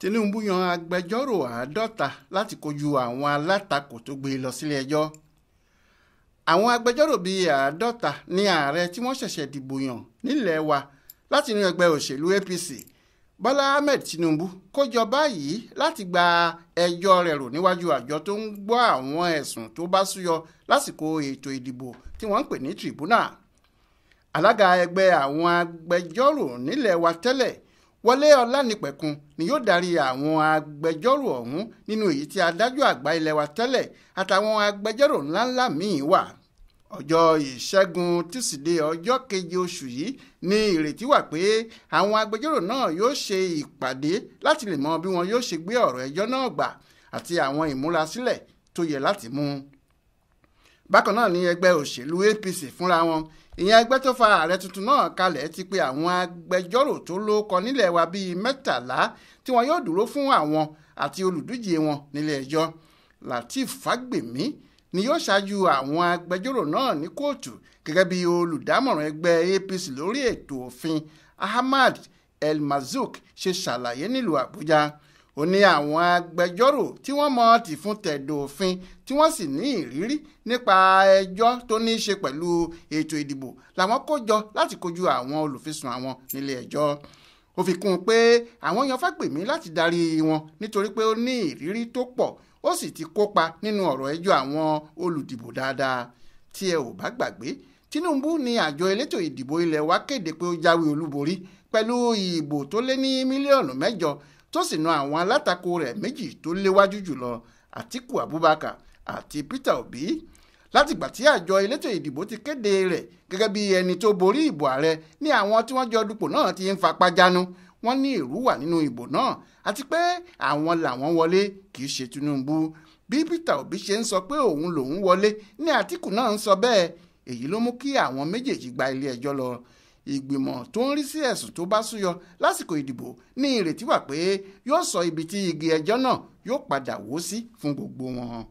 Tinubu yan agbẹjọ́rò àádọ́ta láti kojú àwọn alátakò tó gbé lọ sílé ẹjọ́ àwọn agbẹjọ́rò bíi àádọ́ta ni ààrẹ tí wọ́n ṣẹ̀ṣẹ̀ dìbò yàn nílẹ̀ wa láti inú ẹgbẹ́ òṣèlú APC Bọ́lá Ahmed Tinubu kó jọ báyìí láti gba ẹjọ́ rẹ̀ rò níwájú àjọ tó ń gbọ́ àwọn ẹ̀sùn tó bá súyọ lásìkò ètò ìdìbò tí wọ́n ń pè ní tribunal alága ẹgbẹ́ àwọn agbẹjọ́rò nílẹ̀ wa tẹ́lẹ̀ wọlé ọlánìpẹ̀kun ni yóò darí àwọn agbẹjọ́rò ọ̀hún nínú èyí tí adájọ́ àgbà ilẹ̀ wa tẹ́lẹ̀ àtàwọn agbẹjọ́rò ńláńlá míì wà ọjọ́ ìṣẹ́gun tísídẹ̀ẹ́ ọjọ́ keje oṣù yìí ni ìrètí wà pé àwọn agbẹjọ́rò náà yóò ṣe ìpàdé láti lè mọ bí wọn yóò ṣe gbé ọ̀rọ̀ ẹjọ́ náà gbà àti àwọn ìmúrasílẹ̀ tó yẹ láti mú un bákan náà ni ẹgbẹ́ òṣèlú APC fúnra wọn ìyẹn ẹgbẹ́ tó fa ààrẹ tuntun náà kalẹ̀ ti pé àwọn agbẹjọ́rò tó lóókọ nílẹ̀ wa bíi mẹ́tàlá tí wọn yóò dúró fún àwọn àti olùdíje wọn nílé ẹjọ́ Lateef Fagbemi ni yóò ṣáájú àwọn agbẹjọ́rò náà ní kóòtù gẹ́gẹ́ bí olùdámọ̀ràn ẹgbẹ́ APC lórí ètò òfin Ahmad El Mazouk ṣe ṣàlàyé nílùú Àbújá ó ní àwọn agbẹjọ́rò tí wọ́n mọ tìfún tẹ̀dọ̀ òfin tí wọ́n sì ní ìrírí nípa ẹjọ́ tó ní í ṣe pẹ̀lú ètò ìdìbò làwọn kó jọ láti kojú àwọn olùfisùn àwọn nílé ẹjọ́ ó fi kún un pé àwọn yan Fágbèmí láti darí wọn nítorí pé ó ní ìrírí tó pọ̀ ó sì ti kópa nínú ọ̀rọ̀ ẹjọ́ àwọn olùdìbò dáadáa tí ẹ ò bá gbàgbé Tinubu ni àjọ elétò ìdìbò ilẹ̀ wa kéde pé ó jáwé olúborí pẹ̀lú ìbò tó lé ní mílíọ̀nù mẹ́jọ tó sì na àwọn alátakò rẹ̀ méjì tó léwájú jùlọ Àtíkù Abubakar àti Peter Obi látìgbà tí àjọ elétò ìdìbò ti kéde rẹ̀ gẹ́gẹ́ bí ẹni tó borí ìbò ààrẹ ní àwọn tí wọ́n jọ dupò náà ti ń fapá jánu wọ́n ní ìrú wà nínú ìbò náà àti pé àwọn làwọn wọlé kì í ṣe Tinubu bí Peter Obi ṣe ń sọ pé òun lòun wọlé ní Àtíkù náà ń sọ bẹ́ẹ̀ èyí ló mú kí àwọn méjèèjì gba ilé ẹjọ́ lọ ìgbìmọ̀ tó ń rí sí ẹ̀sùn tó bá súyọ lásìkò ìdìbò ní ìrètí wà pé yóò sọ ibi tí igi ẹjọ́ náà yóò padà wó sí fún gbogbo wọn.